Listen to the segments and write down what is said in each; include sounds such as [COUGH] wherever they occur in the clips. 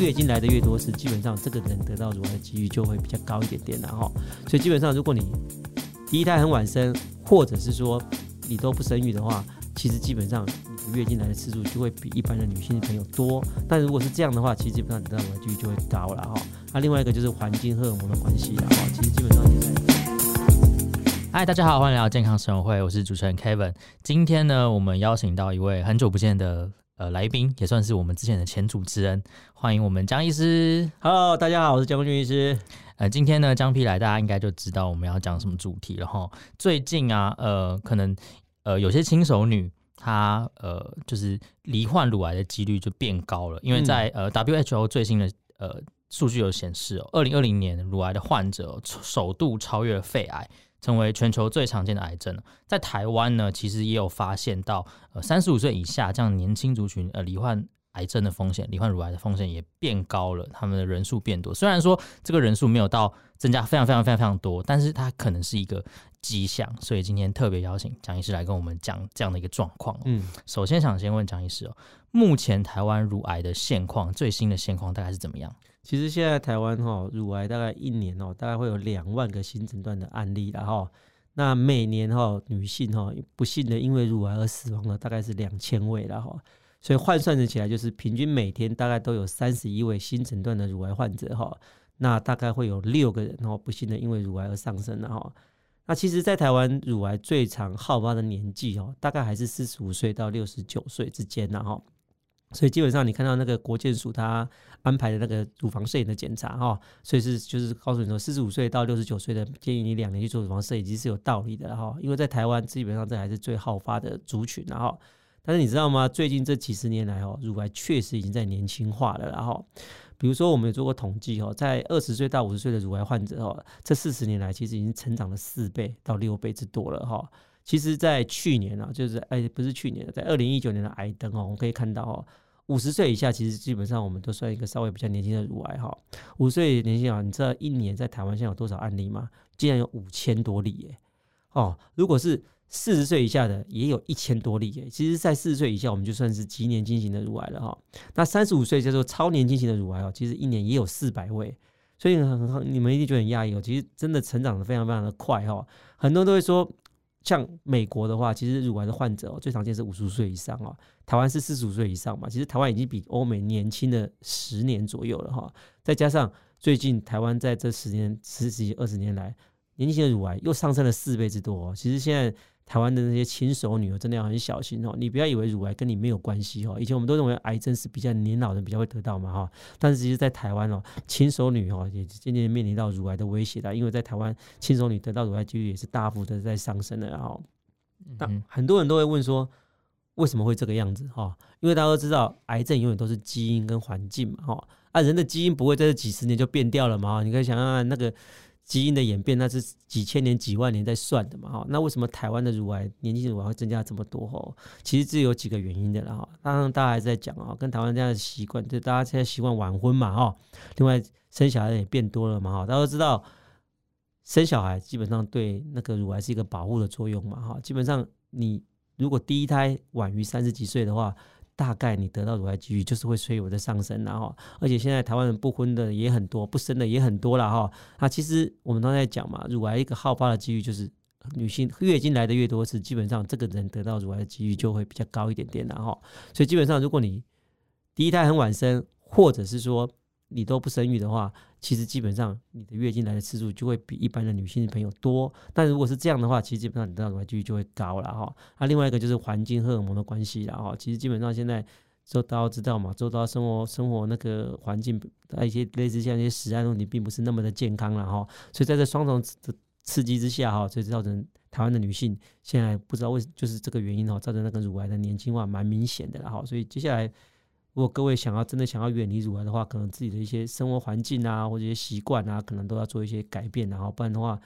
月經來的越多次，基本上這個人得到乳癌的幾率就會比較高一點點了哈。所以基本上，如果你第一胎很晚生，或者是說你都不生育的話，其實基本上月經來的次數就會比一般的女性的朋友多。但如果是這樣的話，其實基本上你得到乳癌的幾率就會高了哈。那、啊、另外一個就是環境荷爾蒙的關係啊，其實基本上也是。嗨，大家好，歡迎來到健康聲友會，我是主持人 Kevin。今天呢，我們邀請到一位很久不見的。呃，來賓也算是我們之前的前主持人，歡迎我們江醫師。Hello，大家好，我是江坤俊醫師。呃，今天呢，江 P 來，大家應該就知道我們要講什麼主題了哈。最近啊，呃，可能呃有些輕熟女，她呃就是罹患乳癌的幾率就變高了，因為在、嗯、呃 WHO 最新的呃。數據有顯示哦，二零二零年乳癌的患者哦，首度超越肺癌，成為全球最常見的癌症。在台灣呢，其實也有發現到，呃，三十五歲以下這樣年輕族群，呃，罹患癌症的風險、罹患乳癌的風險也變高了，他們的人數變多。雖然說這個人數沒有到增加非常非常非常非常多，但是它可能是一個跡象。所以今天特別邀請江醫師來跟我們講這樣的一個狀況哦。嗯，首先想先問江醫師哦，目前台灣乳癌的現況，最新的現況大概是怎麼樣？其實現在台灣哈、哦，乳癌大概一年哦，大概會有兩萬個新診斷的案例了哈、哦。那每年哈、哦，女性哈、哦，不幸的因為乳癌而死亡了，大概是兩千位了哈、哦。所以換算起來，就是平均每天大概都有三十一位新診斷的乳癌患者哈、哦。那大概會有六個人、哦、不幸的因為乳癌而喪生了哈、哦。那其實，在台灣乳癌最常好發的年紀、哦、大概還是四十五歲到六十九歲之間了哈、哦。所以基本上，你看到那個國健署他安排的那個乳房攝影的檢查哈，所以是就是告訴你說，四十五歲到六十九歲的建議你兩年去做乳房攝影，其實是有道理的哈。因為在台灣基本上這還是最好發的族群，然後，但是你知道嗎？最近這幾十年來哦，乳癌確實已經在年輕化了，然後，比如說我們有做過統計哦，在二十歲到五十歲的乳癌患者哦，這四十年來其實已經成長了四倍到六倍之多了哈。其實，在去年啊，就是哎，不是去年，在二零一九年的癌登哦，我們可以看到哦。五十歲以下，其實基本上我們都算一個稍微比較年輕的乳癌哈。五十歲年輕啊，你知道一年在台灣現在有多少案例嗎？竟然有五千多例耶！哦，如果是四十歲以下的，也有一千多例耶、欸。其實，在四十歲以下我們就算是極年輕型的乳癌了哈。那三十五歲叫做超年輕型的乳癌哦，其實一年也有四百位，所以很，很你們一定覺得很訝異哦。其實真的成長的非常非常的快哈，很多人都會說。像美國的話，其實乳癌的患者哦，最常見是五十歲以上哦，台灣是四十五歲以上嘛，其實台灣已經比歐美年輕了十年左右了哈，再加上最近台灣在這十年，十幾二十年來，年輕的乳癌又上升了四倍之多，其實現在。台灣的那些輕熟女哦、喔，真的要很小心哦、喔。你不要以為乳癌跟你沒有關係哦、喔。以前我們都認為癌症是比較年老的人比較會得到嘛哈、喔，但是其實，在台灣哦、喔，輕熟女哦、喔、也漸漸面臨到乳癌的威脅了。因為在台灣，輕熟女得到乳癌幾率也是大幅的在上升的，然後、喔、但很多人都會問說，為什麼會這個樣子哈、喔？因為大家都知道，癌症永遠都是基因跟環境嘛哈、喔。啊，人的基因不會在這幾十年就變掉了嘛、喔？你可以想想、啊、看那個。基因的演變，那是幾千年、幾萬年在算的嘛？哈，那為什麼台灣的乳癌年輕乳癌會增加這麼多？哈，其實這有幾個原因的啦，然後當然大家還在講啊，跟台灣這樣的習慣，就大家現在習慣晚婚嘛，哈，另外生小孩也變多了嘛，哈，大家都知道生小孩基本上對那個乳癌是一個保護的作用嘛，哈，基本上你如果第一胎晚於三十幾歲的話。大概你得到乳癌幾率就是會隨我的上升，然後而且現在台灣人不婚的也很多，不生的也很多了哈。那其實我們剛才講嘛，乳癌一個好發的幾率就是女性月經來的越多次，基本上這個人得到乳癌的幾率就會比較高一點點，然後所以基本上如果你第一胎很晚生，或者是說你都不生育的話。其實基本上你的月經來的次數就會比一般的女性的朋友多，但如果是這樣的話，其實基本上你的乳癌幾率就會高了哈、哦。那、啊、另外一個就是環境荷爾蒙的關係了哈、哦。其實基本上現在周大家知道嘛，周到生活生活那個環境，那一些類似像一些食安問題，並不是那麼的健康了哈、哦。所以在這雙重的刺激之下哈、哦，所以造成台灣的女性現在不知道為什麼就是這個原因哈、哦，造成那個乳癌的年輕化蠻明顯的了哈、哦。所以接下來。如果各位想要真的想要遠離乳癌的話，可能自己的一些生活環境啊，或者一些習慣啊，可能都要做一些改變啊，然後不然的話，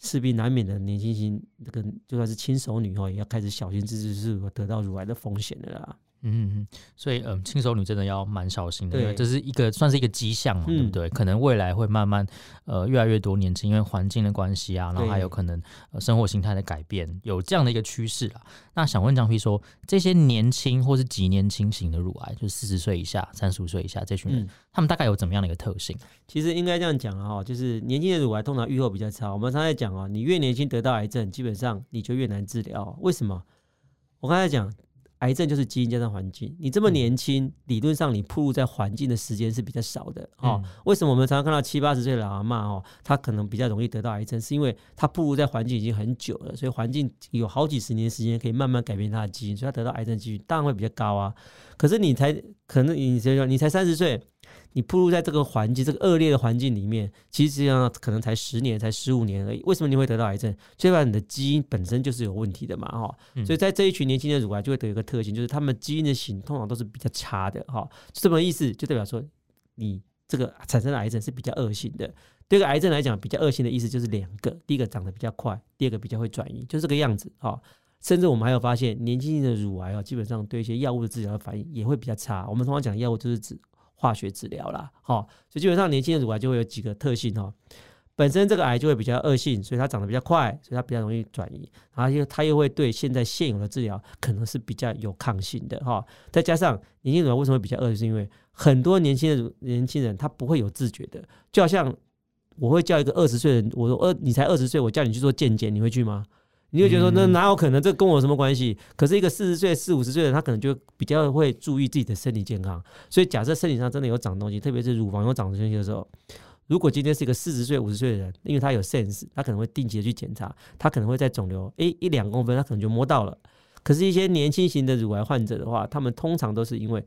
勢必難免的年輕型這個就算是輕熟女哦，也要開始小心自己是否得到乳癌的風險的啦。嗯，所以嗯，輕、呃、熟女真的要蠻小心的，因為這是一個算是一個跡象嘛，嗯、對不對？可能未來會慢慢呃越來越多年輕，因為環境的關係啊，然後還有可能對、呃、生活型態的改變，有這樣的一個趨勢啊。那想問張飛說，這些年輕或是極年輕型的乳癌，就是四十歲以下、三十五歲以下這群人，嗯、他們大概有怎麼樣的一個特性？其實應該這樣講啊，就是年輕的乳癌通常預後比較差。我們常在講啊，你越年輕得到癌症，基本上你就越難治療。為什麼？我剛才講。癌症就是基因加上環境。你這麼年輕，嗯、理論上你暴露在環境的時間是比較少的，嗯、哦。為什麼我們常常看到七八十歲的老阿媽哦，她可能比較容易得到癌症，是因為她暴露在環境已經很久了，所以環境有好幾十年時間可以慢慢改變她的基因，所以她得到癌症幾率當然會比較高啊。可是你才可能，你想想，你才三十歲？你暴露在這個環境，這個惡劣的環境裡面，其實實際上可能才十年，才十五年而已。為什麼你會得到癌症？雖然你的基因本身就是有問題的嘛，哈、嗯。所以在這一群年輕的乳癌就會得一個特性，就是他們基因的型通常都是比較差的，哈。這麼意思就代表說，你這個產生的癌症是比較惡性的。對於癌症來講，比較惡性的意思就是兩個：第一個長得比較快，第二個比較會轉移，就是這個樣子，哈。甚至我們還有發現，年輕的乳癌啊，基本上對一些藥物的治療反應也會比較差。我們通常講藥物就是指。化學治療啦，好、哦，所以基本上年輕的乳癌就會有幾個特性哦，本身這個癌就會比較惡性，所以它長得比較快，所以它比較容易轉移，然後又它又會對現在現有的治療可能是比較有抗性的哈、哦，再加上年輕的乳癌為什麼會比較惡，是因為很多年輕的年輕人他不會有自覺的，就好像我會叫一個二十歲的人，我說呃，你才二十歲，我叫你去做健檢，你會去嗎？你就覺得說，那哪有可能？這跟我有什麼關係？嗯、可是，一個四十歲、四五十歲的人，他可能就比較會注意自己的身體健康。所以，假設身體上真的有長東西，特別是乳房有長東西的時候，如果今天是一個四十歲、五十歲的人，因為他有 sense，他可能會定期的去檢查，他可能會在腫瘤一、一兩公分，他可能就摸到了。可是，一些年輕型的乳癌患者的話，他們通常都是因為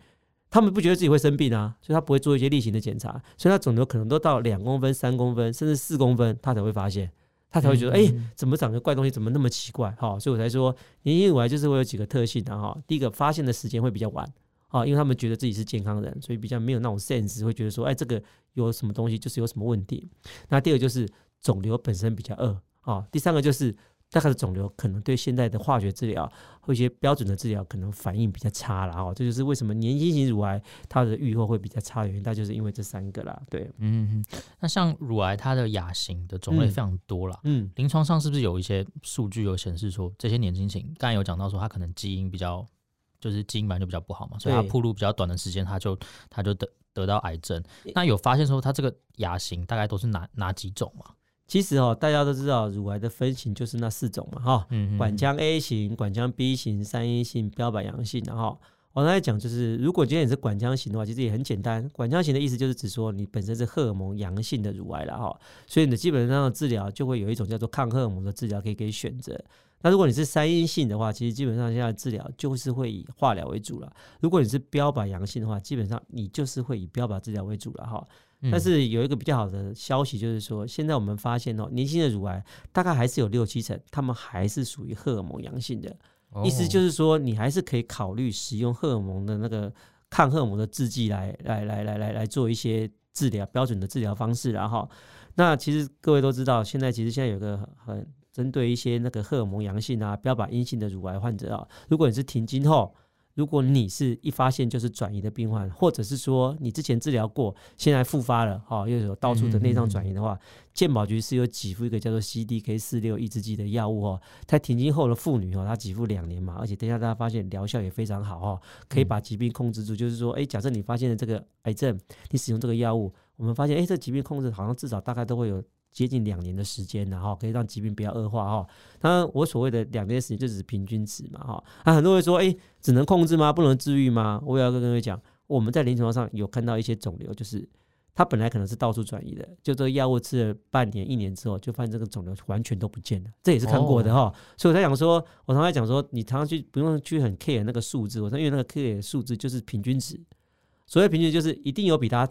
他們不覺得自己會生病啊，所以他不會做一些例行的檢查，所以他腫瘤可能都到兩公分、三公分甚至四公分，他才會發現。他才會覺得，哎、嗯嗯嗯欸，怎麼長個怪東西，怎麼那麼奇怪？哈、哦，所以我才說，年輕乳癌就是會有幾個特性的、啊、哈。第一個，發現的時間會比較晚，啊、哦，因為他們覺得自己是健康人，所以比較沒有那種 sense，會覺得說，哎、欸，這個有什麼東西就是有什麼問題。那第二個就是腫瘤本身比較惡，啊、哦，第三個就是。大概是腫瘤可能對現在的化學治療或一些標準的治療可能反應比較差了哦，這就是為什麼年輕型乳癌它的預後會比較差的原因，那就是因為這三個啦。對，嗯，那像乳癌它的亞型的種類非常多啦。嗯，嗯、臨床上是不是有一些數據有顯示說，這些年輕型剛才有講到說它可能基因比較就是基因本來就比較不好嘛，所以它暴露比較短的時間它就它就得得到癌症。那有發現說，它這個亞型大概都是哪哪幾種嘛？其實哦，大家都知道，乳癌的分型就是那四種嘛，哈、嗯哼，管腔 A 型、管腔 B 型、三陰性、標靶陽性的、啊、哈。我剛才講，就是如果今天你是管腔型的話，其實也很簡單。管腔型的意思就是指說你本身是荷爾蒙陽性的乳癌了哈，所以你的基本上的治療就會有一種叫做抗荷爾蒙的治療可以給選擇。那如果你是三陰性的話，其實基本上現在的治療就是會以化療為主了。如果你是標靶陽性的話，基本上你就是會以標靶治療為主了哈。但是有一個比較好的消息，就是說現在我們發現哦，年輕的乳癌大概還是有六七成，他們還是屬於荷爾蒙陽性的，意思就是說你還是可以考慮使用荷爾蒙的那個抗荷爾蒙的制劑來來來來來來做一些治療，標準的治療方式，然後那其實各位都知道，現在其實現在有一個很針對一些那個荷爾蒙陽性啊，不要把陰性的乳癌患者啊，如果你是停經後。如果你是一發現就是轉移的病患，嗯、或者是說你之前治療過，現在復發了，哈、哦，又有到處的內臟轉移的話，嗯嗯健保局是有給付一個叫做 CDK 四六抑制劑的藥物哦，在停經後的婦女哦，她給付兩年嘛，而且等一下大家發現療效也非常好哦，可以把疾病控制住，嗯、就是說，哎、欸，假設你發現了這個癌症，你使用這個藥物，我們發現，哎、欸，這個、疾病控制好像至少大概都會有。接近兩年的時間，然後可以讓疾病不要惡化哈。當然我所謂的兩年時間，就只是平均值嘛哈。那、啊、很多人說，哎、欸，只能控制嗎？不能治癒嗎？我也要跟各位講，我們在臨床上有看到一些腫瘤，就是他本來可能是到處轉移的，就這個藥物吃了半年、一年之後，就發現這個腫瘤完全都不見了，這也是看過的哈。哦、所以我在講說，我常常講說，你常常去不用去很 care 那個數字，我說因為那個 care 數字就是平均值，所謂平均就是一定有比它。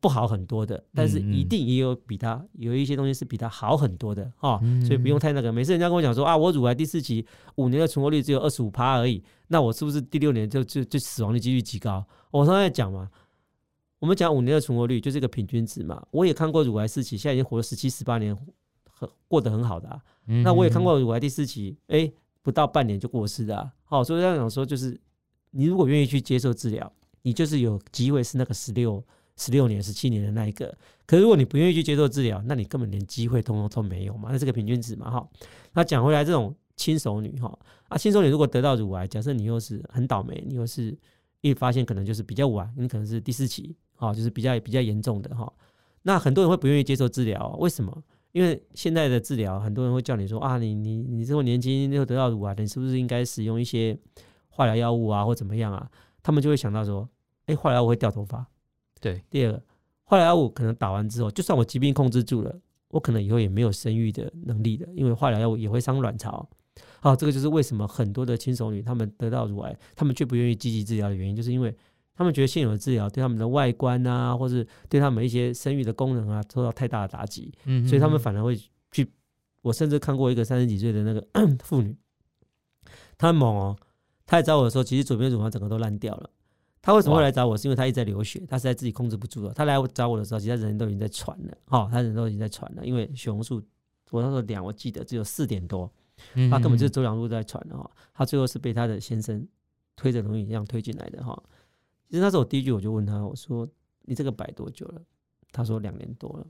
不好很多的，但是一定也有比它，嗯嗯、有一些東西是比它好很多的哈，哦、嗯嗯嗯，所以不用太那個。每次人家跟我講說啊，我乳癌第四期，五年的存活率只有二十五趴而已，那我是不是第六年就就就死亡率幾率極高？我常常在講嘛，我們講五年的存活率就是一個平均值嘛。我也看過乳癌第四期，現在已經活了十七十八年，很過得很好的，啊。嗯嗯嗯，那我也看過乳癌第四期，誒、欸，不到半年就過世的，啊。好、哦，所以這樣講說就是，你如果願意去接受治療，你就是有機會是那個十六。十六年、十七年的那一個，可是如果你不願意去接受治療，那你根本連機會通通都沒有嘛。那是個平均值嘛，哈。那講回來，這種輕熟女，哈啊，啊，輕熟女如果得到乳癌，假設你又是很倒霉，你又是一發現可能就是比較晚，你可能是第四期，哦，就是比較比較嚴重的，哈。那很多人會不願意接受治療，喔，為什麼？因為現在的治療，很多人會叫你說啊，你你你這麼年輕又得到乳癌的，你是不是應該使用一些化療藥物啊，或怎麼樣啊？他們就會想到說，哎，化療我會掉頭髮。對，第二個，化療藥物可能打完之後，就算我疾病控制住了，我可能以後也沒有生育的能力的，因為化療藥物也會傷卵巢。好，這個就是為什麼很多的輕熟女她們得到乳癌，她們卻不願意積極治療的原因，就是因為她們覺得現有的治療對她們的外觀啊，或是對她們一些生育的功能啊，受到太大的打擊，嗯，嗯，嗯，所以她們反而會去。我甚至看過一個三十幾歲的那個婦 [COUGHS] 女，她很猛哦，她來找我的時候，其實左邊的乳房整個都爛掉了。他為什麼會來找我？是因為他一直在流血，哇他實在自己控制不住了。他來找我的時候，其實他人都已經在喘了，哈，他人都已經在喘了，因為血紅素，我那時候量，我記得只有四點多，嗯、哼他根本就是走兩步在喘的哈。他最後是被他的先生推着輪椅這樣推進來的哈。其實那時候我第一句我就問他，我說：“你這個擺多久了？”他說：“兩年多了。”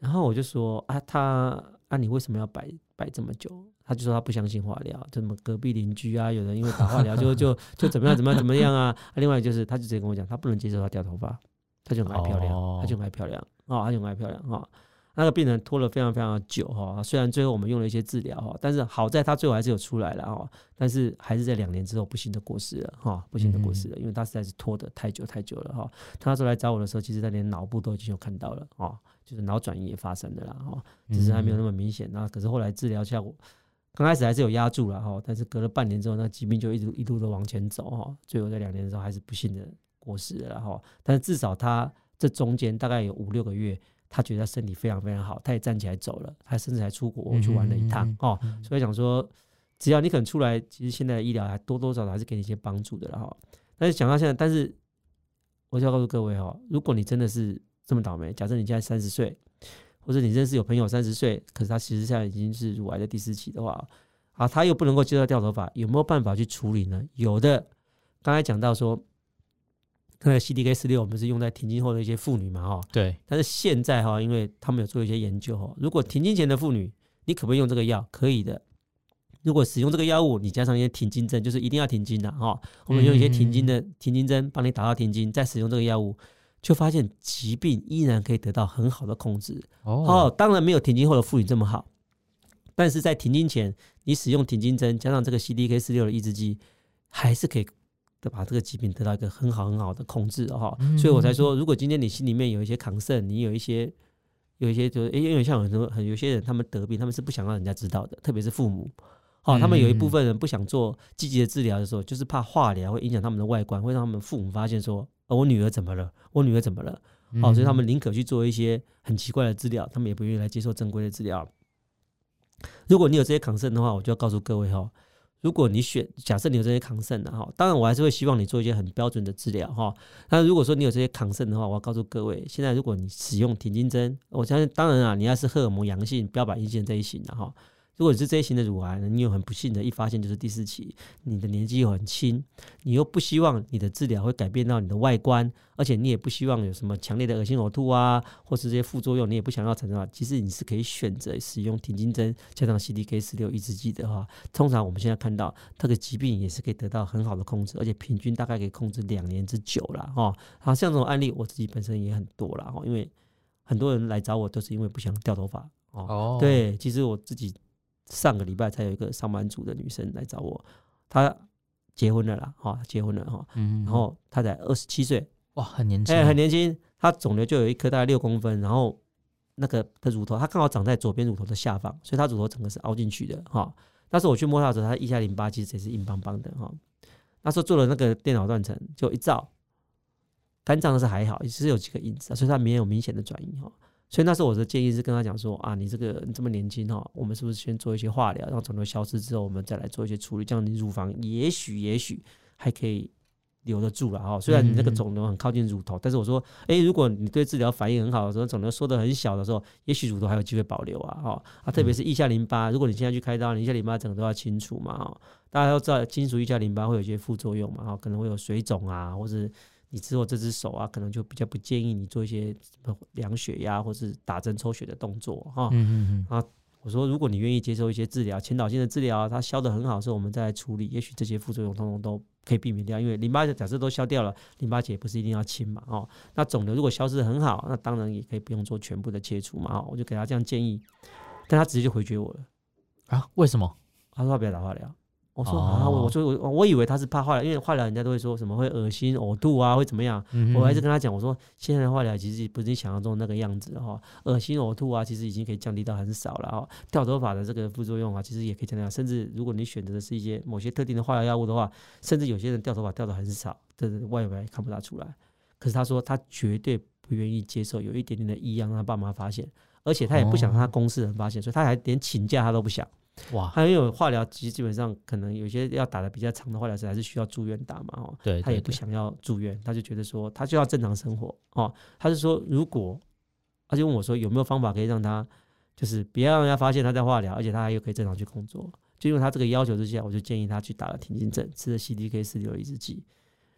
然後我就說：“啊，他啊，你為什麼要擺？”這麼久，他就說他不相信化療，就什麼隔壁鄰居啊，有人因為打化療就就就怎麼樣怎麼樣怎麼樣啊。 [LAUGHS] 啊另外就是，他就直接跟我講，他不能接受他掉頭髮，他就很愛漂亮，哦、他就很愛漂亮，啊、哦，他就很愛漂亮，啊、哦。那個病人拖了非常非常久哈、哦，雖然最後我們用了一些治療哈、哦，但是好在他最後還是有出來了哈、哦，但是還是在兩年之後不幸的過世了哈、哦，不幸的過世了，因為他實在是拖得太久太久了哈、哦。他說來找我的時候，其實他連腦部都已經有看到了啊、哦，就是腦轉移也發生了啦哈、哦，只是還沒有那麼明顯、啊。那可是後來治療效果剛開始還是有壓住了哈，但是隔了半年之後，那疾病就一直一路的往前走哈、哦，最後在兩年之後還是不幸的過世了哈、哦。但是至少他這中間大概有五六個月。他覺得他身體非常非常好，他也站起來走了，他甚至還出國去玩了一趟哦。所以想說，只要你肯出來，其實現在的醫療還多多少少還是給你一些幫助的了哈。但是講到現在，但是我就要告訴各位哦，如果你真的是這麼倒霉，假設你現在三十歲，或者你認識有朋友三十歲，可是他其實現在已經是乳癌的第四期的話，啊，他又不能夠接受掉頭髮，有沒有辦法去處理呢？有的，剛才講到說。那 CDK4/6 我們是用在停經後的一些婦女嘛，哈，對。但是現在哈，因為他們有做一些研究，如果停經前的婦女，你可不可以用這個藥？可以的。如果使用這個藥物，你加上一些停經針，就是一定要停經的、啊、哈。我們用一些停經的停經針幫你打到停經，再使用這個藥物，就發現疾病依然可以得到很好的控制。哦，哦，當然沒有停經後的婦女這麼好，但是在停經前，你使用停經針加上這個 CDK4/6 的抑制劑，還是可以。得把這個疾病得到一個很好很好的控制哈、哦嗯嗯，所以我才說，如果今天你心裡面有一些 concern，你有一些有一些，就是哎、欸，因為像很多很有些人，他們得病，他們是不想讓人家知道的，特別是父母，啊、哦，他們有一部分人不想做積極的治療的時候，嗯嗯就是怕化療會影響他們的外觀，會讓他們父母發現說，哦、呃，我女兒怎麼了？我女兒怎麼了？好、哦，所以他們寧可去做一些很奇怪的治療，他們也不願意來接受正規的治療。如果你有這些 concern 的話，我就要告訴各位哈、哦。如果你選，假設你有這些抗腎的哈，當然我還是會希望你做一些很標準的治療哈。那如果說你有這些抗腎的話，我要告訴各位，現在如果你使用停經針，我相信當然啊，你要是荷爾蒙陽性，不要把陰性這一型的哈。如果你是這一型的乳癌，你有很不幸的一發現就是第四期，你的年紀又很輕，你又不希望你的治療會改變到你的外觀，而且你也不希望有什麼強烈的惡心嘔吐，吐啊，或是這些副作用，你也不想要產生。其實你是可以選擇使用停經針加上 CDK 十六抑制劑的哈，通常我們現在看到這個疾病也是可以得到很好的控制，而且平均大概可以控制兩年之久了，哈。好，像這種案例我自己本身也很多了，因為很多人來找我都是因為不想掉頭髮，哦，哦，對，其實我自己。上個禮拜才有一個上班族的女生來找我，她結婚了啦，哈、哦，結婚了哈，哦、嗯嗯，然後她才二十七歲，哇，很年輕、欸，很年輕，她腫瘤就有一顆大概六公分，然後那個的乳頭，她剛好長在左邊乳頭的下方，所以她乳頭整個是凹進去的，哈、哦。那時候我去摸她的時候，她腋下淋巴其實也是硬邦邦的，哈、哦。那時候做了那個電腦斷層，就一照，肝臟是還好，只是有幾個印子，所以她沒有明顯的轉移，哈、哦。所以那時候我的建議是跟他講說啊，你這個你這麼年輕哈，我們是不是先做一些化療，讓腫瘤消失之後，我們再來做一些處理，這樣你乳房也許也許還可以留得住了哈。雖然你這個腫瘤很靠近乳頭，但是我說，哎，如果你對治療反應很好的時候，腫瘤縮得很小的時候，也許乳頭還有機會保留啊哈。啊，特別是腋下淋巴，如果你現在去開刀，你腋下淋巴整個都要清除嘛。大家都知道清除腋下淋巴會有一些副作用嘛，然後可能會有水腫啊，或是……你只有這只手啊，可能就比較不建議你做一些什麼量血壓或是打針抽血的動作哈、哦嗯。嗯嗯嗯。啊，我說如果你願意接受一些治療，前導性的治療、啊，它消的很好的時候，是我們再來處理，也許這些副作用通通都可以避免掉，因為淋巴假設都消掉了，淋巴結不是一定要清嘛，哦，那腫瘤如果消失的很好，那當然也可以不用做全部的切除嘛，哦，我就給他這樣建議，但他直接就回絕我了啊？為什麼？他說他不要打化療。我說啊，oh. 我說我我以為他是怕化療，因為化療人家都會說什麼會噁心嘔吐啊，會怎麼樣？Mm hmm. 我還是跟他講，我說現在的化療其實不是你想象中那個樣子哈、哦，噁心嘔吐啊，其實已經可以降低到很少了、哦。哈，掉頭髮的這個副作用啊，其實也可以這樣講，甚至如果你選擇的是一些某些特定的化療藥物的話，甚至有些人掉頭髮掉的很少，這、就是、外表看不大出來。可是他說他絕對不願意接受有一點點的異樣，讓他爸媽發現，而且他也不想讓他公司的人發現，oh. 所以他還連請假他都不想。哇！他因為化療，其實基本上可能有些要打的比較長的化療是還是需要住院打嘛。哦，對，他也不想要住院，他就覺得說他就要正常生活哦。他是說如果，而且問我說有沒有方法可以讓他就是別讓人家發現他在化療，而且他還可以正常去工作。就因為他這個要求之下，我就建議他去打了停經針，吃了 C D K 四六抑制劑。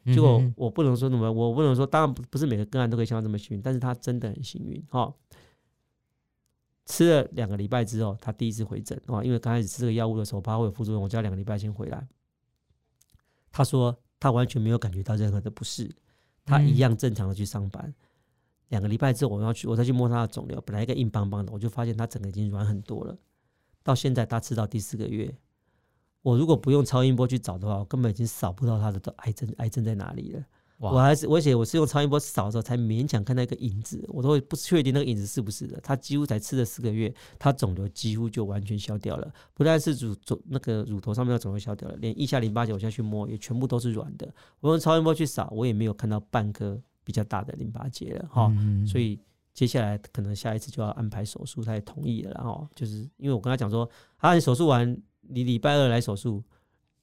結果我不能說什麼，我不能說，當然不是每個個案都可以像他這麼幸運，但是他真的很幸運吃了兩個禮拜之後，他第一次回診啊，因為剛開始吃這個藥物的時候，我怕會有副作用，我叫兩個禮拜先回來。他說他完全沒有感覺到任何的不適，他一樣正常的去上班。嗯。兩個禮拜之後，我要去，我再去摸他的腫瘤，本來一個硬邦邦的，我就發現他整個已經軟很多了。到現在，他吃到第四個月，我如果不用超音波去找的話，我根本已經掃不到他的癌症，癌症在哪裡了。哇我還是我寫我是用超音波掃的時候，才勉強看到一個影子，我都會不確定那個影子是不是的。他幾乎才吃了四個月，他腫瘤幾乎就完全消掉了，不但是乳腫那個乳頭上面的腫瘤消掉了，連腋下淋巴結我下去摸也全部都是軟的。我用超音波去掃，我也沒有看到半顆比較大的淋巴結了。哈、嗯哦，所以接下來可能下一次就要安排手術，他也同意了。然、哦、後就是因為我跟他講說，他、啊、你手術完，你禮拜二來手術，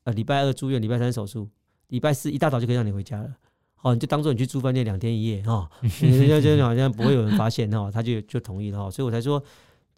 呃，禮拜二住院，禮拜三手術，禮拜四一大早就可以讓你回家了。哦，你就當做你去住飯店兩天一夜哈，你、哦、人家、 [LAUGHS] 嗯、就好像不會有人發現哈、哦，他就就同意了哈、哦，所以我才說，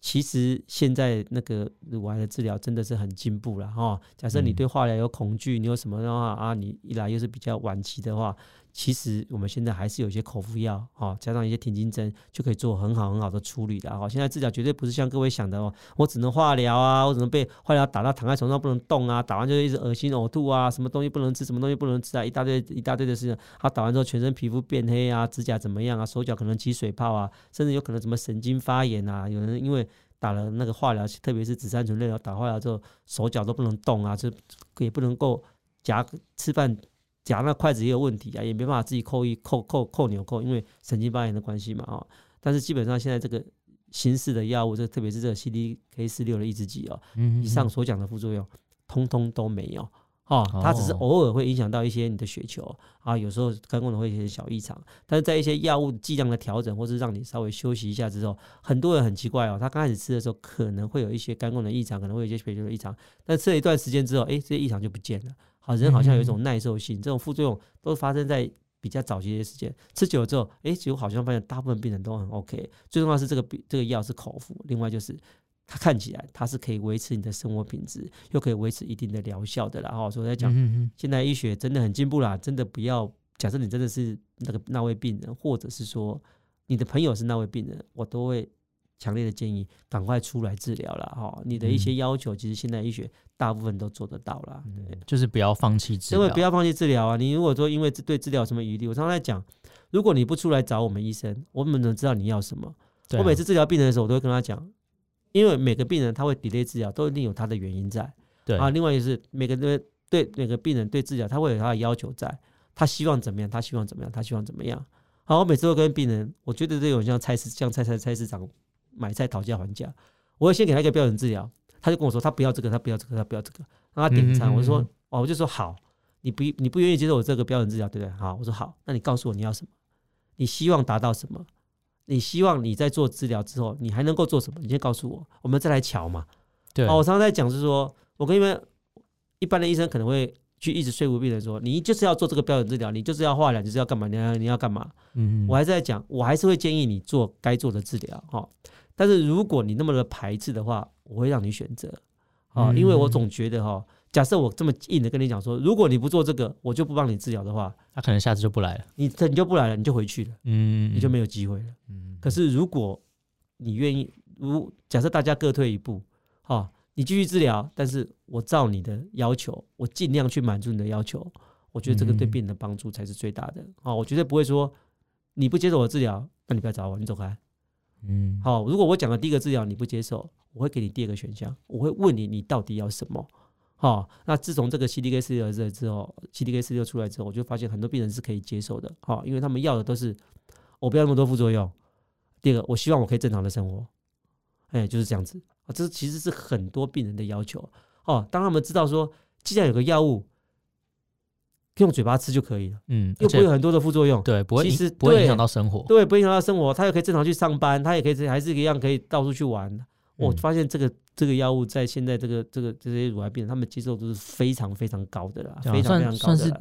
其實現在那個乳癌的治療真的是很進步了哈、哦。假設你對化療有恐懼，你有什麼的話啊，你一來又是比較晚期的話。其實我們現在還是有一些口服藥、哦、加上一些停經針，就可以做很好很好的處理的、哦、現在治療絕對不是像各位想的、哦，我只能化療啊，我只能被化療打到躺在床上不能動啊，打完就一直噁心嘔吐啊，什麼東西不能吃，什麼東西不能吃啊，一大堆一大堆，一大堆的事情。他、啊、打完之後，全身皮膚變黑啊，指甲怎麼樣啊，手腳可能起水泡啊，甚至有可能什麼神經發炎啊。有人因為打了那個化療，特別是紫杉醇類的，打化療之後，手腳都不能動啊，就也不能夠夾吃飯。夾那筷子也有問題啊，也沒辦法自己扣一扣扣扣紐扣,扣，因為神經發炎的關係嘛啊、哦。但是基本上現在這個形式的藥物，這個、特別是這 C D K 四六的抑制劑哦，嗯嗯嗯以上所講的副作用通通都沒有哦，它只是偶爾會影響到一些你的血球、哦、啊，有時候肝功能會有些小異常。但是在一些藥物劑量的調整或是讓你稍微休息一下之後，很多人很奇怪哦，他剛開始吃的時候可能會有一些肝功能異常，可能會有一些血球的異常，但吃了一段時間之後，哎、欸，這些異常就不見了。好，人好像有一種耐受性，嗯、哼這種副作用都發生在比較早期的時間，吃久了之後，哎、欸，結果好像發現大部分病人都很 OK。最重要的是這個病，這個藥是口服，另外就是它看起來它是可以維持你的生活品質，又可以維持一定的療效的啦。然後所以我在講，嗯、哼現在醫學真的很進步了，真的不要假設你真的是那個那位病人，或者是說你的朋友是那位病人，我都會。強烈的建議趕快出來治療了哈！你的一些要求，嗯、其實現代醫學大部分都做得到了，對就是不要放棄治療，因為不要放棄治療啊！你如果說因為這對治療有什麼疑慮，我常常在講，如果你不出來找我們醫生，我們能知道你要什麼？對啊，我每次治療病人的時候，我都會跟他講，因為每個病人他會 delay 治療，都一定有他的原因在。對啊，另外就是每個對，對每個病人對治療，他會有他的要求在，在他希望怎麼樣，他希望怎麼樣，他希望怎麼樣。好，我每次都會跟病人，我覺得這種像菜市，像菜菜菜市場，買菜討價還價，我會先給他一個標準治療，他就跟我說他不要這個，他不要這個，他不要這個，讓他點餐。我說哦，我就說好，你不你不願意接受我這個標準治療，對不對？好，我說好，那你告訴我你要什麼，你希望達到什麼，你希望你在做治療之後你還能夠做什麼，你先告訴我，我們再來瞧嘛。對、啊，我常常在講，是說我跟你們一般的醫生可能會去一直說服病人說，你就是要做這個標準治療，你就是要化療，就是要幹嘛？你要你要幹嘛？嗯哼，我還是在講，我還是會建議你做該做的治療，哈、哦。但是如果你那麼的排斥的話，我會讓你選擇，啊、哦，嗯、因為我總覺得哈、哦，假設我這麼硬的跟你講說，如果你不做這個，我就不幫你治療的話，他、啊、可能下次就不來了，你你就不來了，你就回去了，嗯，你就沒有機會了。嗯，可是如果你願意，如假設大家各退一步，哈、哦，你繼續治療，但是我照你的要求，我盡量去滿足你的要求，我覺得這個對病人的幫助才是最大的。啊、嗯哦，我絕對不會說你不接受我的治療，那你不要找我，你走開。嗯，好、哦。如果我講的第一個治療你不接受，我會給你第二個選項。我會問你，你到底要什麼？好、哦，那自從這個 C D K 四六熱之後，C D K 四六出來之後，我就發現很多病人是可以接受的。好、哦，因為他們要的都是，我不要那麼多副作用。第二個，我希望我可以正常的生活。哎，就是這樣子、啊、這其實是很多病人的要求。哦，當他們知道說，既然有個藥物。用嘴巴吃就可以了，嗯，又不會有很多的副作用，對，不會，其實不會影響到生活，對，不會影響到生活，他也可以正常去上班，他也可以，還是一樣可以到處去玩。我發現這個這個藥物在現在這個這個這些乳癌病人，他們接受度是非常非常高的啦，啊、非常非常高的啦，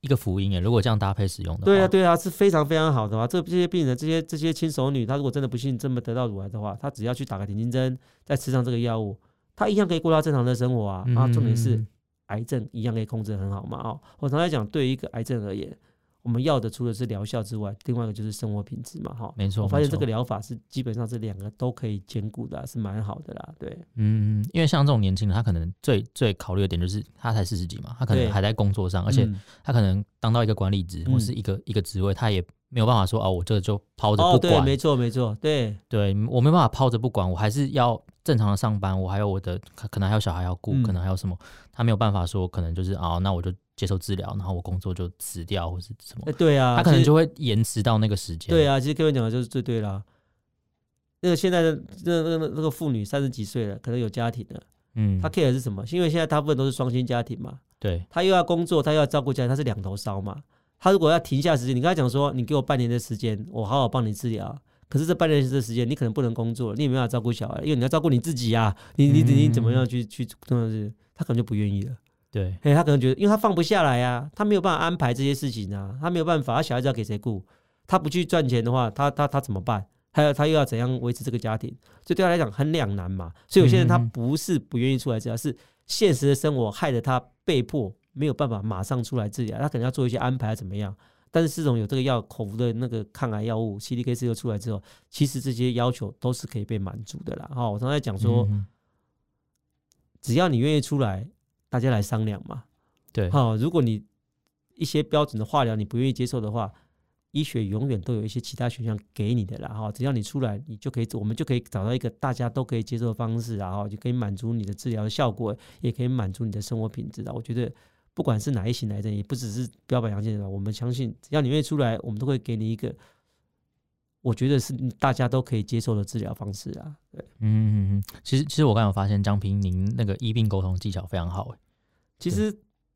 一個福音誒，如果這樣搭配使用的話，對啊，對啊，是非常非常好的話，這這些病人，這些這些輕熟女，她如果真的不幸這麼得到乳癌的話，她只要去打個停經針，再吃上這個藥物，她一樣可以過到正常的生活啊啊，重點是。嗯癌症一樣可以控制得很好嗎？哦，我常來講，對於一個癌症而言。我們要的除了是療效之外，另外一個就是生活品質嘛，哈，沒錯錯。我發現這個療法是基本上這兩個都可以兼顧的，是蠻好的啦，對，嗯，因為像這種年輕人，他可能最最考慮的點就是他才四十幾嘛，他可能還在工作上，對而且他可能當到一個管理職、嗯、或是一個一個職位，他也沒有辦法說啊、哦，我這就拋着不管，沒錯，沒錯，對，對，對我沒辦法拋着不管，我還是要正常的上班，我還有我的，可能還有小孩要顧，嗯、可能還有什麼，他沒有辦法說，可能就是啊、哦，那我就。接受治療，然後我工作就辭掉或是什麼？欸、對啊，他可能就會延遲到那個時間。對啊，其實各位講的就是最對啦、啊。那個現在的那那那個婦、那個、女三十幾歲了，可能有家庭了。嗯，他 care 的是什麼？因為現在大部分都是雙薪家庭嘛，對，他又要工作，他又要照顧家，他是兩頭燒嘛。他如果要停下時間，你跟他講說，你給我半年的時間，我好好幫你治療。可是這半年的時間，你可能不能工作了，你也沒法照顧小孩，因為你要照顧你自己啊。你、嗯、你你怎麼樣去去重要是，他可能就不願意了。對，哎，他可能覺得，因為他放不下來啊，他沒有辦法安排這些事情啊，他沒有辦法，他小孩子要給誰顧？他不去賺錢的話，他他他怎麼辦？他要他又要怎樣維持這個家庭？所以對他來講很兩難嘛。所以有些人他不是不願意出來治療，嗯、是現實的生活害得他被迫沒有辦法馬上出來治療，他可能要做一些安排、啊、怎麼樣？但是自從有這個藥口服的那個抗癌藥物 C D K 四六出來之後，其實這些要求都是可以被滿足的啦。哈、哦，我常在講說，嗯、只要你願意出來。大家來商量嘛，對，好、哦，如果你一些標準的化療你不願意接受的話，醫學永遠都有一些其他選項給你的啦。哈、哦，只要你出來，你就可以，我們就可以找到一個大家都可以接受的方式啦，然後就可以滿足你的治療效果，也可以滿足你的生活品質的。我覺得，不管是哪一型來的，也不只是標本陽性的。我們相信，只要你願意出來，我們都會給你一個。我覺得是大家都可以接受的治療方式啊。對，嗯嗯嗯，其實其實我剛剛發現，張平，您那個醫病溝通技巧非常好哎。其實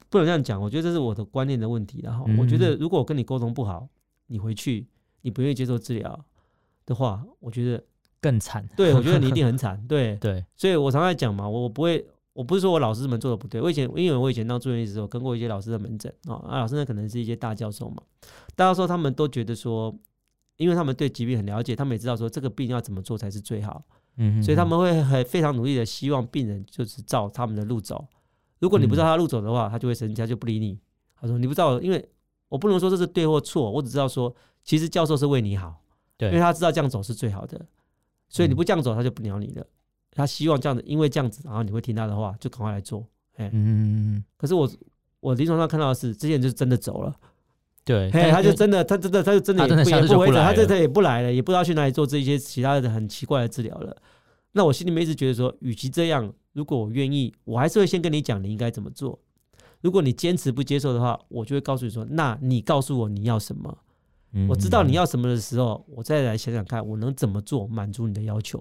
不能這樣講，我覺得這是我的觀念的問題。然後我覺得，如果我跟你溝通不好，你回去你不願意接受治療的話，我覺得更慘。對，我覺得你一定很慘。對對，所以我常常講嘛，我我不會，我不是說我老師們做的不對。我以前因為我以前當住院醫師的時候，跟過一些老師的門診啊，啊，老師那可能是一些大教授嘛，大教授他們都覺得說。因為他們對疾病很了解，他們也知道說這個病要怎麼做才是最好，嗯哼，所以他們會很非常努力的希望病人就是照他們的路走。如果你不照他路走的話，嗯、他就會人家就不理你。他說你不知道，因為我不能說這是對或錯，我只知道說其實教授是為你好，對因為他知道這樣走是最好的，所以你不這樣走，他就不鳥你了。嗯、他希望這樣子，因為這樣子，然後你會聽他的話，就趕快來做。哎、欸，嗯嗯嗯嗯，可是我我臨床上看到的是，這些人就是真的走了。對，嘿但他就真的，他真的，他就真的也不他真的不回來，回程他這他也不來了，也不知道去哪裡做這些其他的很奇怪的治療了。那我心裡面一直覺得說，與其這樣，如果我願意，我還是會先跟你講你應該怎麼做。如果你堅持不接受的話，我就會告訴你說，那你告訴我你要什麼。嗯，我知道你要什麼的時候，我再來想想看我能怎麼做，滿足你的要求。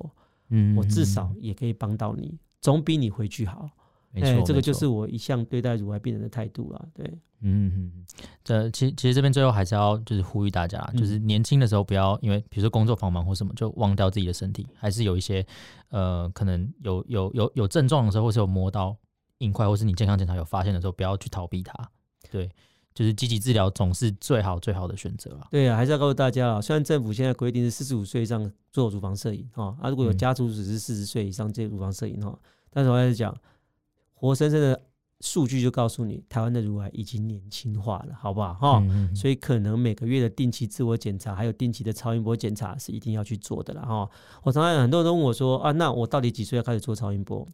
嗯，我至少也可以幫到你，總比你回去好。沒錯，哎、沒錯，這個就是我一向對待乳癌病人的態度啦。對，嗯嗯，這、呃、其實其實這邊最後還是要就是呼籲大家，嗯、就是年輕的時候不要因為比如說工作繁忙或什麼就忘掉自己的身體，還是有一些呃可能有有有有症狀的時候，或是有摸到硬塊，或是你健康檢查有發現的時候，不要去逃避它。對，就是積極治療總是最好最好的選擇。對啊，還是要告訴大家啊，雖然政府現在規定是四十五歲以上做乳房攝影啊、哦，啊如果有家族史是四十歲以上做乳房攝影哈，嗯、但是我還是講。活生生的數據就告訴你，台灣的乳癌已經年輕化了，好不好？哈，嗯嗯嗯，所以可能每個月的定期自我檢查，還有定期的超音波檢查是一定要去做的了，哈。我常常有很多人問我說，啊，那我到底幾歲要開始做超音波？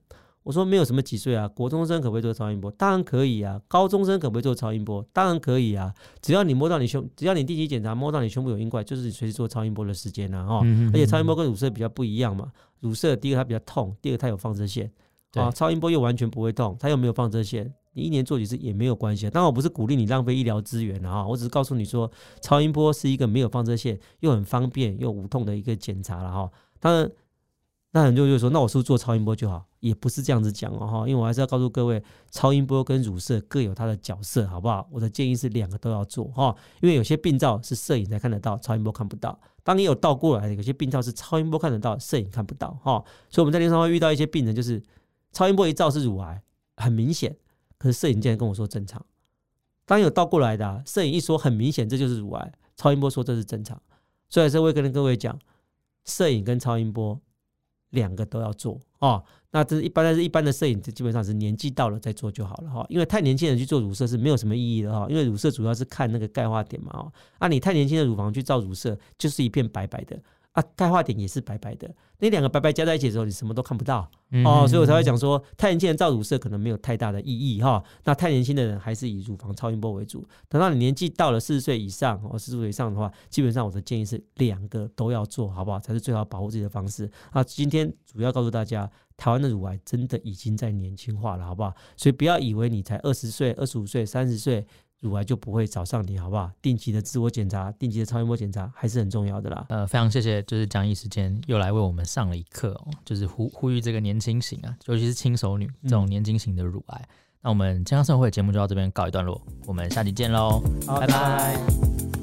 我說沒有什麼幾歲啊，國中生可不可以做超音波？當然可以啊，高中生可不可以做超音波？當然可以啊，只要你摸到你胸，只要你定期檢查摸到你胸部有硬塊，就是你隨時做超音波的時間了，啊，哈。嗯嗯嗯，而且超音波跟乳色比較不一樣嘛，乳色，第一個它比較痛，第二個它有放射線。啊，對超音波又完全不會痛，它又沒有放射線，你一年做幾次也沒有關係。當然，我不是鼓勵你浪費醫療資源啊，我只是告訴你說，超音波是一個沒有放射線、又很方便、又無痛的一個檢查了哈。當然，那很多人就說，那我是不是做超音波就好？也不是這樣子講哦、啊、哈，因為我還是要告訴各位，超音波跟乳攝各有它的角色，好不好？我的建議是兩個都要做哈，因為有些病灶是攝影才看得到，超音波看不到；當你有倒過來，有些病灶是超音波看得到，攝影看不到哈。所以我們在臨床會遇到一些病人，就是。超音波一照是乳癌，很明顯。可是攝影竟然跟我說正常。當有倒過來的、啊，攝影一說很明顯，這就是乳癌。超音波說這是正常。所以我會跟各位講，攝影跟超音波兩個都要做哦。那這是一般，但是一般的攝影，基本上是年紀到了再做就好了哈、哦。因為太年輕人去做乳攝是沒有什麼意義的哈、哦。因為乳攝主要是看那個鈣化點嘛哦。啊，你太年輕的乳房去照乳攝就是一片白白的。啊，鈣化點也是白白的，那兩個白白加在一起的時候，你什麼都看不到嗯嗯嗯哦，所以我才會講說，太年輕人照乳攝可能沒有太大的意義哈、哦。那太年輕的人還是以乳房超音波為主。等到你年紀到了四十歲以上，哦，四十歲以上的話，基本上我的建議是兩個都要做，好不好？才是最好保護自己的方式啊。那今天主要告訴大家，台灣的乳癌真的已經在年輕化了，好不好？所以不要以為你才二十歲、二十五歲、三十歲。乳癌就不會找上你，好不好？定期的自我檢查，定期的超音波檢查，還是很重要的啦。呃，非常謝謝，就是江醫師時間又來為我們上了一課哦，就是呼呼籲這個年輕型啊，尤其是輕熟女這種年輕型的乳癌。嗯、那我們健康聲友會的節目就到這邊告一段落，我們下期見嘍，好 拜拜。好拜拜。